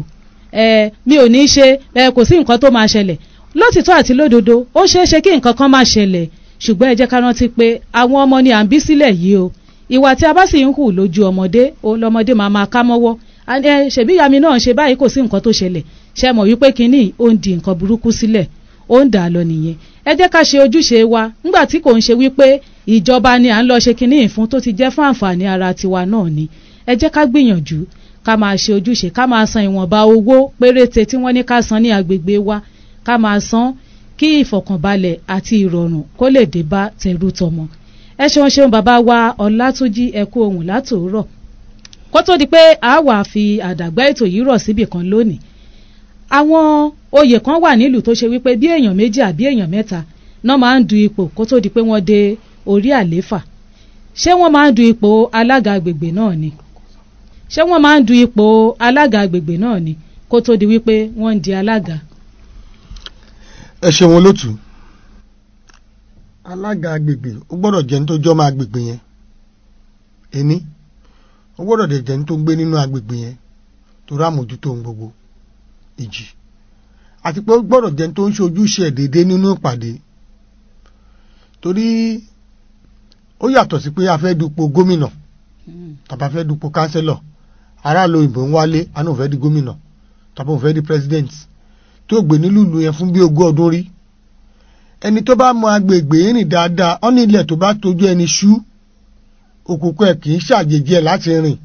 ẹ mi ò ní í ṣe ẹ kò sí nǹkan tó máa ṣẹlẹ̀ lótìtọ́ àti lódodo ó ṣeé ṣe kí nǹkan kan máa ṣẹlẹ̀ ṣùgbọ́n ẹ jẹ́ ká rántí pé àwọn ọmọ ni à ń bí sílẹ̀ yìí o ìwà tí a bá sì ń hù lójú ọmọdé ó lọmọdé máa máa ká mọ́wọ́ ẹ eh, ṣèbí ìyá mi náà ṣe báyìí kò sí nǹkan tó ṣẹlẹ̀ ṣe mọ̀ wípé kínní ó ń di nǹkan burúkú sílẹ̀ ó ń dà lọ nìyẹn ẹ jẹ́ ká ṣe ojúṣe wa nígbà tí kò ń ṣe wípé ìjọba ni à ń lọ ṣe kínní ìfún tó ti jẹ́ fún àǹfààní ara tiwa náà ni ẹ jẹ́ ká gbìyànjú ká máa ṣe ojúṣe ká máa san ìwọ̀nba owó péréte tí wọ́n ní ká san ní agbègbè wa ká máa san kí ìfọ̀kànbalẹ̀ àti ìrọ̀rùn kó lè dé bá tẹrú ẹ ṣeun ṣeun bàbá wa ọlátúnjí ẹkú ohun látòórọ̀ kó tó di pé a wà fi àdàgbà ètò yìí rọ̀ síbì kan lónìí àwọn oyè kan wà nílùú tó ṣe wípé bí èèyàn méjì àbí èèyàn mẹ́ta náà máa ń du ipò kó tó di pé wọ́n dé orí àléfà ṣé wọ́n máa ń du ipò alága agbègbè náà ni ṣé wọ́n máa ń du ipò alága agbègbè náà ni kó tó di wípé wọ́n ń di alága. ẹ ṣeun olótùú alága agbègbè ó gbọ́dọ̀ jẹ́ ní tó jọ́ máa agbègbè yẹn ení ó gbọ́dọ̀ dẹ̀ jẹ́ ní tó gbé nínú agbègbè yẹn torí àmójútó ohun gbogbo ìjì àti pé ó gbọ́dọ̀ jẹ́ ní tó ń ṣe ojúṣe ẹ̀ déédéé nínú ìpàdé torí ó yàtọ̀ sí pé a fẹ́ dupò gómìnà tàbá fẹ́ dupò kánsẹ́lọ̀ aráàlú òyìnbó ń wálé a náà di gómìnà tàbá òun di president tó gbé nílùú yẹn fún bí ogún ọdún rí ẹni tó bá mọ agbègbè rìn dáadáa ó ní ilẹ̀ tó bá tójú ẹni ṣú òkùnkùn ẹ̀ kì í ṣàjèjì ẹ̀ láti rìn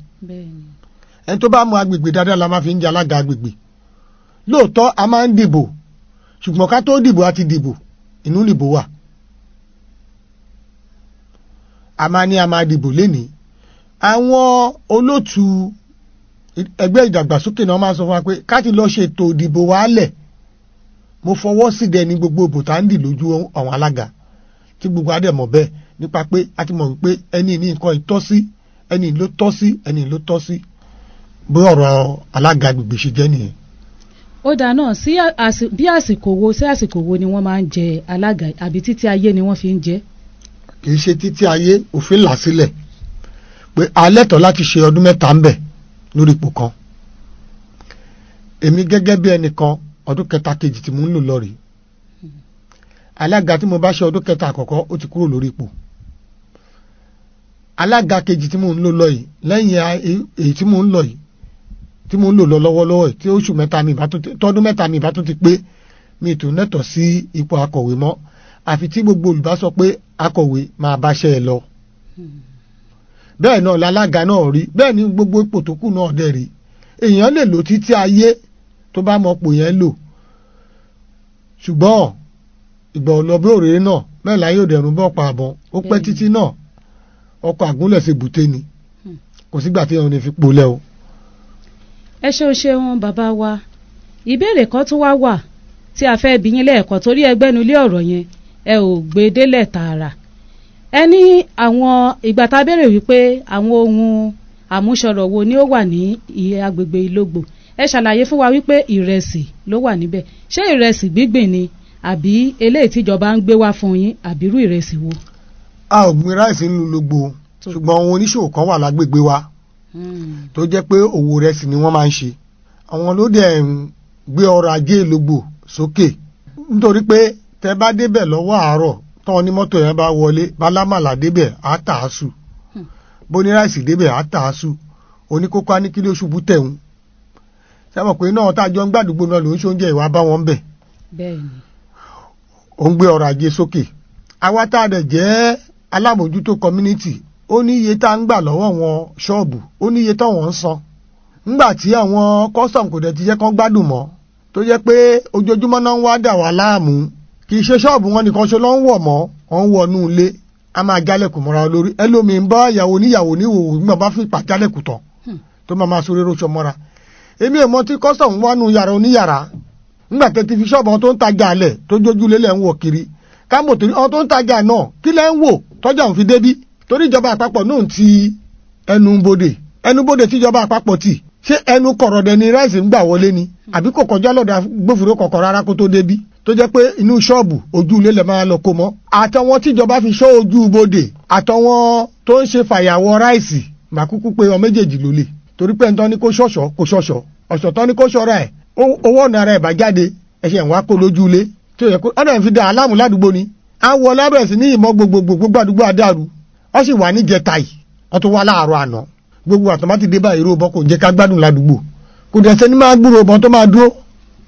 ẹni tó bá mọ agbègbè dáadáa la máa fi ń jẹ alága agbègbè lóòótọ́ a máa ń dìbò ṣùgbọ́n ká tó dìbò a ti dìbò inú ìbò wà a máa ní a máa dìbò lénìí àwọn olótùú ẹgbẹ́ ìdàgbàsókè náà máa sọ fún wa pé ká ti lọ ṣètò ìdìbò wa lẹ̀ mo fọwọ́ síde ẹni gbogbo bòtáńdì lójú àwọn alága tí gbogbo adẹ̀mọ̀ bẹ́ẹ̀ nípa pé a ti mọ̀ wípé ẹni ní nǹkan ìtọ́ sí ẹni ló tọ́ sí ẹni ló tọ́ sí bí ọ̀rọ̀ alága agbègbè ṣe jẹ́ nìyẹn. ó dáa bí àsìkò wo sí àsìkò wo ni wọ́n máa ń jẹ alága àbí títí ayé ni wọ́n fi ń jẹ. kì í ṣe títí ayé òfin là sílẹ̀ pé alẹ́ tọ́ láti ṣe ọdún mẹ́ta ń bẹ̀ lórí ipò kan èmi gẹ́gẹ́ bí ẹnìkan ọdún kẹta kejì tí mo ń lò lọ rèé alága tí mo bá ṣe ọdún kẹta àkọ́kọ́ ó ti kúrò lórí ipò alága kejì tí mo ń lò lọ yìí lẹ́yìn e, èyí tí mo ń lọ yìí tí mo ń lò lọ lọ́wọ́lọ́wọ́ yìí tí oṣù mẹ́ta mi ìbá tọdún mẹ́ta mi ìbá tó ti pé mi ì nẹ́tọ̀ sí ipò akọ̀wé mọ́ àfi tí gbogbo olùbá sọ pé akọ̀wé máa báṣẹ́ ẹ lọ bẹ́ẹ̀ náà lálága náà rí bẹ́ẹ̀ ni gbogbo ipò tó kù náà dẹ̀ rí èèyàn lè lò títí ayé tó bá mọ pò yẹn lò ṣùgbọ́n ìgbà ọ̀lọ́bí òrèrè náà mẹ́la yóò dẹ̀rùn bọ́ pa àbọ̀ ó pẹ́ títí náà ọkọ̀ àgúnlẹ̀ ṣe bùté ni hmm. kò sígbà tí wọn ní fi polẹ́ o. ẹ ṣeun ṣeun bàbá wa ìbéèrè kan tún wá wà tí a fẹ́ bí yín lẹ́ẹ̀kan torí ẹgbẹ́nulé ọ̀rọ̀ yẹn ẹ ò gbé délẹ̀ tààrà ẹ ní àwọn ìgbà tá a béèrè wípé àwọn ohun àmúṣọrọ̀ wo ni ó wà ní agbègbè Ìlógbò ẹ ṣàlàyé fún wa wípé ìrẹsì ló wà níbẹ̀ ṣé ìrẹsì gbígbìn ni àbí eléyìí tíjọba ń gbé wá fún yín àbí irú ìrẹsì wo. a ò gbin ráìsì ń lu logbo ṣùgbọ́n àwọn oníṣòwò kan wà lágbègbè wa hmm. tó jẹ́ pé òwò rẹsì ni wọ́n máa ń ṣe àwọn ló dẹ̀ ń gbé ọrọ̀ ajé logbo sókè nítorí pé tẹ bá débẹ̀ lọ́wọ́ àárọ̀ tán ní mọ́tò yẹn bá wọlé balámàlà débẹ̀ á tà á sù hmm. bóní ráìsì débẹ̀ á tà á sù oníkókó á ní kílé bú tẹ̀hún sábà pé náà tá a jọ ń gbàdúgbò náà ló ń ṣoúnjẹ ìwà bá wọn bẹ̀. bẹ́ẹ̀ni. ó ń gbé ọrọ̀ ajé sókè àwa tá a dẹ̀ jẹ́ alábòjútó community ó ní iye tá a ń gbà lọ́wọ́ wọn ṣọ́ọ̀bù ó ní iye táwọn ń san ńgbà tí àwọn custom kò dẹ̀ ti jẹ́ kán gbádùn mọ́ tó jẹ́ pé ojoojúmọ́ náà ń wá dà wá láàmú kì í ṣe ṣọ́ọ̀bù wọn nìkan ṣe ló ń wọ̀ mọ́ wọ́n ń wọnú ilé a máa jálẹ̀kùn mọ́ra lórí ẹlòmíín bá ìyàwó níyàwó níwòwò nígbà bá fi pàjálẹ̀kùn tán hmm. tó máa máa sọ rérò ṣọmọ́ra èmi ò mọ tí custom wánu yàrá oníyàrá ńgbà tẹ́tí fi ṣọ́ọ̀bù tó ń tajà alẹ̀ tó jójúlé lẹ̀ ń wò kiri kámbò torí ọ tó ń tajà náà kí lẹ́ ń wò tọ́jà òun fi débí torí ìjọba àpapọ̀ náà ti ẹnu bodè ẹnu bodè tíjọba àpapọ̀ tì ṣé ẹnu kọ̀rọ̀dẹ̀ ni rẹ́ẹ̀sì ń gbà wọlé ni àbí kò kọjá lọ́dọ̀ agbófinró kọ̀kọ̀ rárá kó tó débí tó jẹ́ pé inú ṣọ́ọ̀bù ojú ilé máa lọ kó mọ́ àtọwọn tíjọba fi ṣọ́ ojú bodè àtọwọn tó ń ṣe fàyàwọ́ ráìsì màkúkú pé ọ méjèèjì ló lè torí pé ntọ́ ni kó ṣọ̀ṣọ̀ kó ṣọ̀ṣọ̀ ọ̀ṣọ̀ tán ni kó ṣọ̀ra ẹ̀ owó ọ̀nà ara ẹ̀ bá jáde ẹ̀ṣẹ̀ ń wá kó lójú ilé tó yẹ kó ọ̀nà ìfi da aláàmú ládùúgbò ni àwọn ọlábẹ̀rẹ̀ sí ní ìmọ̀ gbogbogbò gbogbo àdúgbò adáru ọ sì wà ní jẹta yìí ọ tó wá láàárọ̀ àná gbogbo àtọ̀mátì dé báyìí róbọ kò jẹ́ ká gbádùn ládùúgbò kò dẹ̀ sẹ́ni máa gbúrò ọbọ̀ tó máa dúró.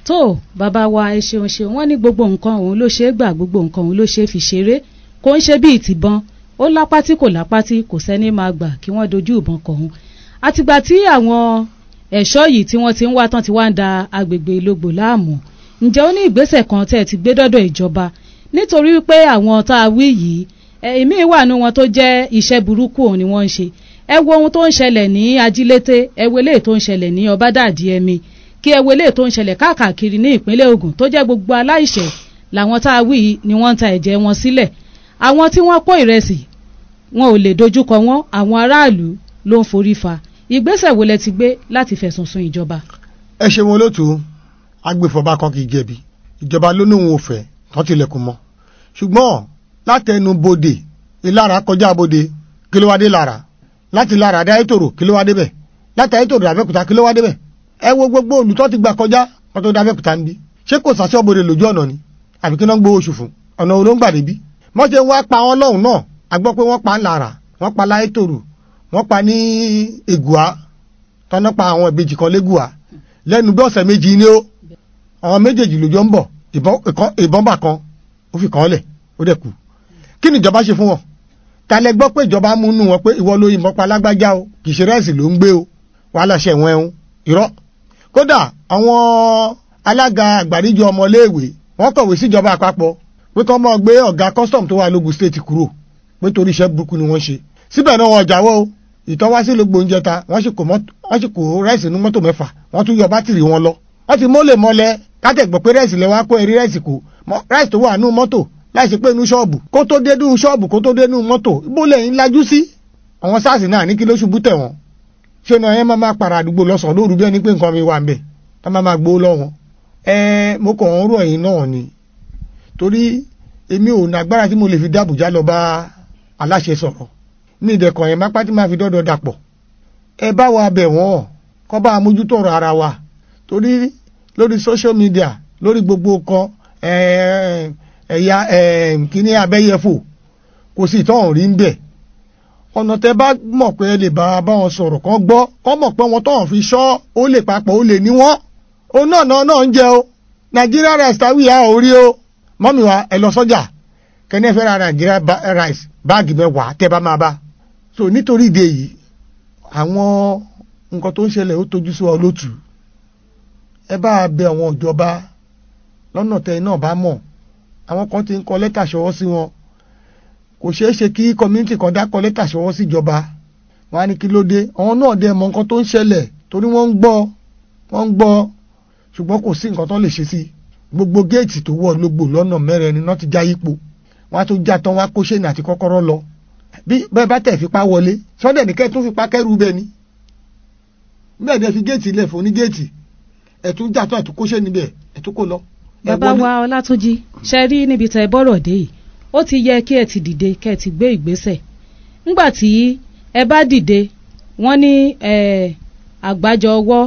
tó bàbá wa ẹ ṣeun ṣeun wọn ní gbogbo nǹkan òun ló ṣe é gbà gbogbo nǹkan òun ló ṣe é fi ṣeré kò ń ṣe bíi tìbọn ó lápá tí kò lápá tí kò sẹ́ni máa gbà kí wọ́n dojú ìbọn kọ̀ òun àtìgbà tí àwọn ẹ̀ṣọ́ yìí tí wọ́n ti ń wá tán ti wá ń da agbègbè ìlógbò láàmú ǹjẹ́ ó ní ìgbésẹ̀ kan tẹ́ ẹ ti gbé dọ́dọ̀ ìjọba nítorí wípé àwọn tá a wí yìí èmi wà nínú wọn tó jẹ́ iṣẹ́ burúkú òun ni wọ́n ń ṣe ẹ wo ohun tó ń ṣẹlẹ̀ ní ajílété ẹ wo eléyìí tó ń ṣẹlẹ̀ ní ọbádàdí ẹmi kí ẹ wo eléyìí tó ń ṣẹlẹ̀ káàkiri ní ìpínlẹ̀ Ògùn tó jẹ́ gbogbo aláìṣẹ̀ làwọn tá a wí ni wọ́n ń ta ẹ̀jẹ̀ wọn sílẹ̀ àwọn tí wọ́n kó ìrẹsì wọn ò lè dojúkọ wọn àwọn aráàlú ló ń forí ìgbésẹ̀ wo lẹ ti gbé láti fẹ̀sùn sun ìjọba. ẹ ṣe wọn lótòó agbèfọba kan kì í jẹ̀bi ìjọba ló ní òun ò fẹ́ tán tilẹ̀kùn mọ́ ṣùgbọ́n látẹnu bodè ìlara kọjá bodè kí ló wá dé lára láti lára dé ayétòrò kí ló wá débẹ̀ láti ayétòrò àbẹ́kúta kí ló wá débẹ̀ ẹ wo gbogbo olùtọ́ ti gbà kọjá wọn tó dé abẹ́kúta ń bí ṣé kò sàṣọ bodè lójú ọ̀nà ni àbí kí wọ́n gbowó oṣù fún ọ̀nà òun mọ́ṣẹ́ wọ́n pa wọn náà àgbọ́ pé wọ́n pa ń wọ́n pa láyétòrò wọ́n pa ní egua tọ́nà pa àwọn ìbejì kan légua lẹ́nu bí ọ̀sẹ̀ méjì ni ó àwọn méjèèjì lójó ń bọ̀ ìbọn bà kan ó fi kàn lẹ̀ ó dẹ̀ kú kí ni ìjọba ṣe fún wọn ta lẹ gbọ́ pé ìjọba mú nù wọn pé ìwọ ló yìnbọn pa lágbájá o kì í ṣe rẹ́ẹ̀sì ló ń gbé o wàhálà ṣe ẹ̀wọ̀n ẹ̀hún irọ́ kódà àwọn alága àgbàríjọ ọmọléèwé wọ́n kọ̀wé síjọba àpapọ̀ pé kọ́ mọ́ gbé ọ̀gá custom tó wà lógun state kúrò pé torí iṣẹ́ burúkú ni wọ́n ṣe síbẹ̀ náà wọ́n jáwọ́ o ìtọ́wá sí lógbó oúnjẹ ta wọ́n sì kò wọ́n sì kò rẹ́ẹ̀sì ní mọ́tò mẹ́fà wọ́n tún yọ bátìrì wọn lọ. wọ́n ti mọ́lẹ̀ mọ́lẹ̀ kátẹ̀gbọ́ pé rẹ́ẹ̀sì lẹ́wọ́ kó eré rẹ́ẹ̀sì kù rẹ́ẹ̀sì tó wà nù mọ́tò láìsí pé inú ṣọ́ọ̀bù kó tó dé nù ṣọ́ọ̀bù kó tó dé nù mọ́tò bó lẹ́yìn lajú sí. àwọn sars náà ní kí ló ṣubú tẹ̀ wọ́n ṣé ni ọyẹn máa máa para àdúgbò lọ́sàn lóru bí ẹni pé nǹkan mi wà ń bẹ̀ tá máa máa gbó lọ́wọ́. ẹ mo kàn ń rọ̀ yín aláṣẹ sọ̀rọ̀ mi ìdẹ̀kàn yẹn má pátí máa fi dọ́dọ̀ dàpọ̀ ẹ bá wa bẹ̀ wọ́n kọ́ bá amójútó ọ̀rọ̀ ara wa torí lórí social media lórí gbogbo kan eh, eh, ẹ̀yà eh, kíní abẹ́yẹfò kò sì tọ́ rí ń bẹ̀ ọ̀nà tẹ bá mọ̀ pé ẹ lè bá bá wọn sọ̀rọ̀ kan gbọ́ kọ́ mọ̀ pé wọn tọ̀hún fi ṣọ́ ó lè papọ̀ ó lè ní òun náà náà náà ń jẹ o Nigeria rice táwíyà ò rí o mọ́mí wa ẹ lọ sọ́jà kẹ́ni ẹ fẹ́ ra Nigeria rice báàgì mẹ́wàá tẹ́ bá máa bá so nítorí ìdí èyí àwọn nǹkan tó ń ṣẹlẹ̀ ó tojú sí wa olótù ẹ bá bẹ àwọn ìjọba lọ́nà tẹ́yìn náà bá mọ̀ àwọn kan ti ń kọ lẹ́tà ṣọwọ́ sí wọn kò ṣeé ṣe kí kọmíntì kan dákọ lẹ́tà ṣọwọ́ sí ìjọba wọn á ní kí ló dé àwọn náà dẹ mọ nǹkan tó ń ṣẹlẹ̀ torí wọ́n ń gbọ́ wọ́n ń gbọ́ ṣùgbọ́n kò sí nǹkan tó lè ṣe sí gbogbo géètì tó wọ̀ lógbò lọ́nà mẹ́rin ni wọ́n ti já yípo wọ́n á tún já tán wọ́n á kó ṣẹ́ni àti kọ́kọ́rọ́ lọ bí bẹ́ẹ̀ bá tẹ̀ fipá wọlé sọ́dẹ̀ ní kẹ́ tún fipá kẹ́rù bẹ́ẹ̀ ni bẹ́ẹ̀ ni ẹ fi géètì ilẹ̀ fún ní géètì ẹ̀tún jàtọ̀ ẹ̀tún kóṣẹ́ níbẹ̀ ẹ̀tún kò lọ. bàbá wa ọlátúnjì ṣe rí níbi tẹ bọ́rọ̀ dé yìí ó ti yẹ kí ẹ ti dìde kẹ ẹ ti gbé ìgbésẹ̀ ńgbà tí ẹ bá dìde wọ́n ní àgbájọ ọwọ́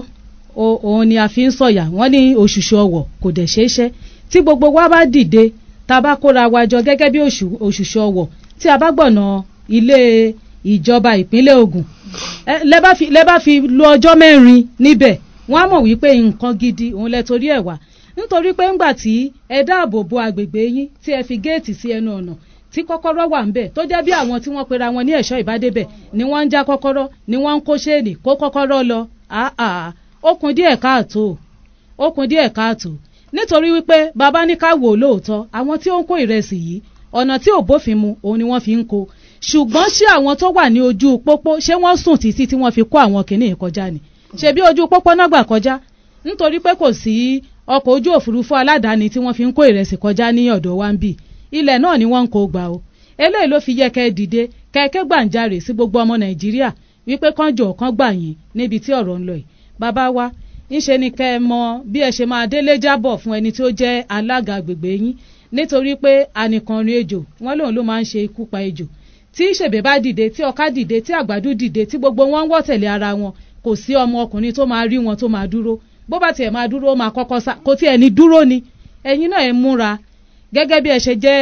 òun ni a fi ń sọ̀yà wọ́n ní òṣùṣù ọwọ̀ kò dẹ̀ ṣeé ṣe tí gbogbo wa bá dìde tá bá kóra wa gẹ́gẹ́ bí òṣùṣù ọwọ̀ tí a bá gbọ̀nà ilé ìjọba ìpínlẹ̀ Ògùn lẹ́ bá fi lo ọjọ́ mẹ́rin níbẹ̀ wọ́n á mọ̀ wípé nǹkan gidi òun lẹ torí ẹ̀ wá nítorí pé ńgbà tí ẹ dáàbò bo agbègbè yín tí ẹ fi géètì sí ẹnu ọ̀nà tí kọ́kọ́rọ́ wà ń bẹ̀ tó jẹ́ bí àwọn tí wọ́n pera wọn ní ẹ̀ṣọ́ ìbádébẹ̀ ni wọ́n ń já kọ́kọ́rọ́ ni wọ́n ń kó ṣéènì kó kọ́kọ́rọ́ lọ àà ó kún díẹ̀ káàtó ó kún díẹ̀ káàtó nítorí wípé bàbá ní ká wò lóòótọ́ àwọn tí ó ń kó ìrẹsì yìí ọ̀nà tí ò bófin mu òun ni wọ́n fi ń kó ṣùgbọ́n ṣé àwọn tó wà ní ojú pópó ṣé wọ́n sùn títí tí wọ́n fi kó àwọn kìnìún kọjá ni ṣe bí ojú pópó náà gbà kọjá nítorí pé kò sí ọkọ̀ ojú òfurufú aládàáni tí wọ́n fi ń kó ìrẹsì kọjá ní ọ̀dọ̀ wa ń bì ilẹ̀ náà ni wọ́n ń kó gbà o eléyìí ló fi yẹ kẹ́ ẹ dìde kẹ́ ẹ ké gbàǹjarè sí gbogbo ọmọ nàìjíríà wípé kán jọ gbà yín níbi tí ọ̀rọ̀ ń lọ yìí bàbá wa ńṣe ni kẹ́ ẹ mọ bí ẹ ṣe máa délé jábọ̀ fún ẹni tí ó jẹ́ alága agbègbè yín nítorí pé anìkanrin ejò wọ́n lòun ló máa ń ṣe ikú pa ejò tí ìṣèbè bá dìde tí ọká dìde tí àgbàdo dìde tí gbogbo wọn ń wọ́ tẹ̀lé ara wọn kò sí ọmọ ọkùnrin tó máa rí wọn tó máa dúró bó bá tiẹ̀ máa dúró ó máa kọ́kọ́ sá kò tiẹ̀ ní dúró ni ẹ̀yin náà ẹ múra gẹ́gẹ́ bí ẹ ṣe jẹ́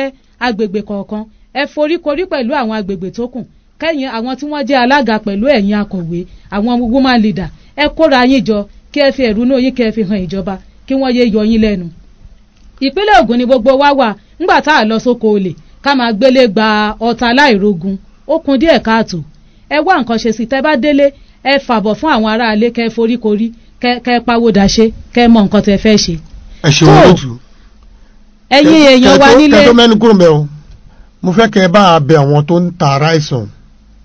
agbègbè kọ̀ọ̀kan ẹ foríkorí pẹ̀lú àwọn agbègbè tó kù kẹ́yìn àwọn tí wọ́n jẹ́ alága pẹ̀lú ẹ̀yin akọ̀wé àwọn woman leader ẹ kóra yín jọ kí ẹ fi ẹ̀rúnú yín kí ẹ fi hàn ìjọba kí wọ́n yé yọ yín lẹ́nu ìpínlẹ̀ Ògùn ni gbogbo wa wà ńgbà tá a lọ sóko olè ká máa gbélé gba ọta láìrogun ó kun díẹ̀ káàtó ẹ wá nǹkan ṣe sí tẹ́ bá délé ẹ fàbọ̀ fún àwọn aráalé kẹ́ foríkorí kẹ́ pawó daṣe kẹ́ mọ nǹkan tẹ́ fẹ́ ṣe. ẹ ṣeun lójú ẹ̀yin èèyàn wa nílé. kẹtó mẹ́nu kúrò mẹ́ o mo fẹ́ kẹ́ ẹ bá a bẹ àwọn tó ń ta aráìsàn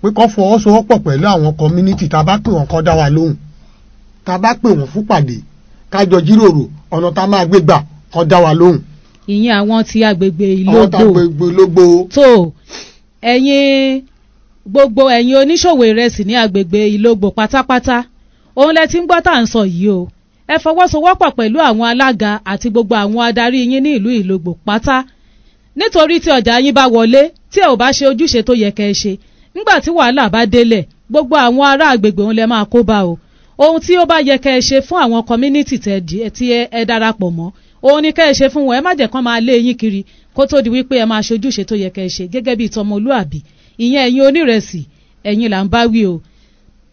pé kọ́ fọwọ́sowọ́pọ̀ pẹ̀lú àwọn community tá a bá pè wọ́n kọ́ dá wa lóhùn tá a bá pè wọ́n fún pàdé kájọ jíròrò ọ̀nà tá a máa gbé gbà kọ́ dá wa lóhùn ìyẹn àwọn ti agbègbè ìlógbò àwọn agbègbè ìlógbò tó ẹ̀yin gbogbo ẹ̀yin oníṣòwò ìrẹsì ní agbègbè ìlógbò pátápátá òun lẹ ti ń gbọ́ tá à ń sọ yìí o ẹ fọwọ́sowọ́pọ̀ pẹ̀lú àwọn alága àti gbogbo àwọn adarí yín ní ìlú ìlógbò pátá nítorí tí ọjà yín bá wọlé tí ẹ ò bá ṣe ojúṣe tó yẹ kẹ́ ẹ ṣe nígbà tí wàhálà bá délẹ̀ gbogbo àwọn ará agbègbè òun lẹ máa kó bá o ohun tí ó bá yẹ kẹ́ ẹ ṣe fún àwọn community tí ẹ darapọ̀ mọ́ òun ni kẹ́ ẹ ṣe fún wọn ẹ má jẹ́ kán máa lé yín kiri kó tó di wípé ẹ máa ṣojúṣe tó yẹ kẹ́ ẹ ṣe gẹ́gẹ́ bíi tọmọlúàbí ìyẹn ẹ̀yin onírẹsì ẹ̀yin là ń bá wí o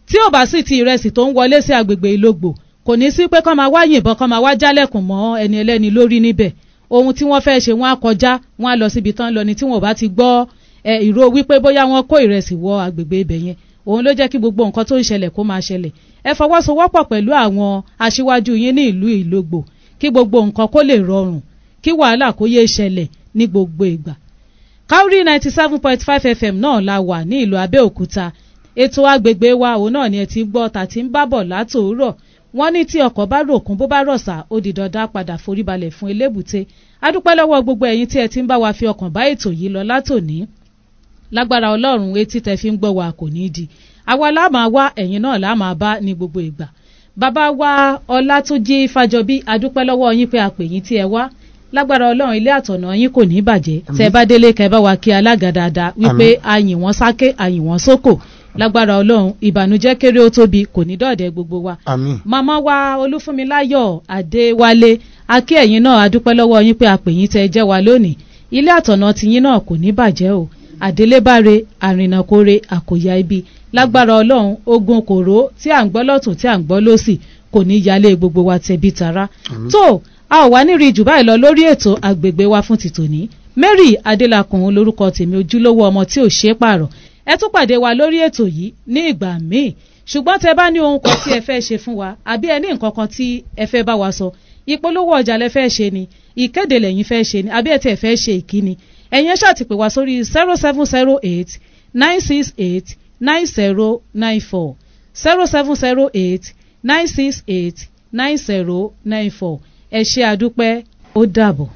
tí ò bá sì ti ìrẹsì tó ń wọlé sí agbègbè ìlógbò kò ní sí pé kán máa wá yìnbọn kán máa wá jálẹ̀kùn mọ́ ẹni ẹlẹ́ni lórí níbẹ̀ ohun tí wọ́n fẹ́ ṣe wọ́n á kọjá wọ́n á lọ síbi tán lọ ni tí wọ́n bá ti gbọ́ ẹ ìró wípé bóyá wọ́n kó ìrẹsì wọ agbègbè ibẹ̀ yẹn òun ló jẹ́ kí gbogbo nǹkan tó ń ṣẹlẹ̀ kó máa ṣẹlẹ̀ ẹ fọwọ́sowọ́pọ̀ pẹ̀lú àwọn aṣíwájú yín ní ìlú ìlógbò kí gbogbo nǹkan kó lè rọrùn kí wàhálà kó yéé ṣẹlẹ̀ ní gbogbo ìgbà. Cowry ninety seven point five FM náà la wà ní ìlú Abẹ́òkúta ètò agbègbè wa òun náà ni ẹ ti gbọ́ tà ti ń bábọ̀ látòórọ̀ wọ́n ní tí ọkọ̀ bá ròkun bó bá rọ̀ṣà ó di dandan padà foríbalẹ̀ fún elébùté adúpẹ́ lọ́wọ́ gbogbo ẹ̀yin tí ẹ ti ń bá wa fi ọkàn bá ètò yìí lọ látòní lágbára ọlọ́run etí tẹ fi ń gbọ́ wa kò ní di àwa la máa wá ẹ̀yin náà la bá ní gbogbo ìgbà bàbá wa ọlátúnjì fàjọbí adúpẹ́ lọ́wọ́ yín pé àpè yín tí ẹ wá lágbára ọlọ́run ilé àtọ̀nà yín kò ní bàjẹ́ tẹ́ bá délé kẹ́ bá wa kí alága dáadáa wípé ayìn wọn sáké ayìn wọn sóko lágbára ọlọ́run ìbànújẹ́ kéré ó tóbi kò ní dọ̀dẹ̀ gbogbo wa. àmín. màmá wa olúfúnmiláyọ̀ adéwálé akí ẹ̀yin náà adúpẹ́ lọ́wọ́ yín pé àpè yín tẹ́ jẹ́ wa lónìí ilé àtọ̀nà tiyín náà kò ní bàjẹ́ o àdélébáre àrìnàkóre àkòyà ibi lágbára ọlọ́run ogun kòró tí à ń gbọ́ lọ́tún tí à ń gbọ́ lọ́sì kò ní yálé gbogbo wa tẹ̀bí tará tó a ò wá nírí jù báyìí lọ lórí ètò àgbègbè wa fún ti Mary Adélakùn lórúkọ tèmi ojúlówó ọmọ tí ò ṣeé pààrọ̀ ẹ tún pàdé wa lórí ètò yìí ní ìgbà míì ṣùgbọ́n tẹ bá ní ohun kan tí ẹ fẹ́ ṣe fún wa àbí ẹ ní nǹkan kan tí ẹ fẹ́ bá wa sọ ìpolówó ọjà lẹ fẹ́ ṣe ni ìkéde lẹ́yìn fẹ́ ṣe ni àbí ẹ tẹ̀ fẹ́ ṣe ìkíni ẹ̀yin ẹ̀ ṣàtìpè wá sórí zero seven zero eight nine six eight nine zero nine four zero seven zero eight nine six eight nine zero nine four ẹ ṣé àdúpẹ́ ó dàbọ̀.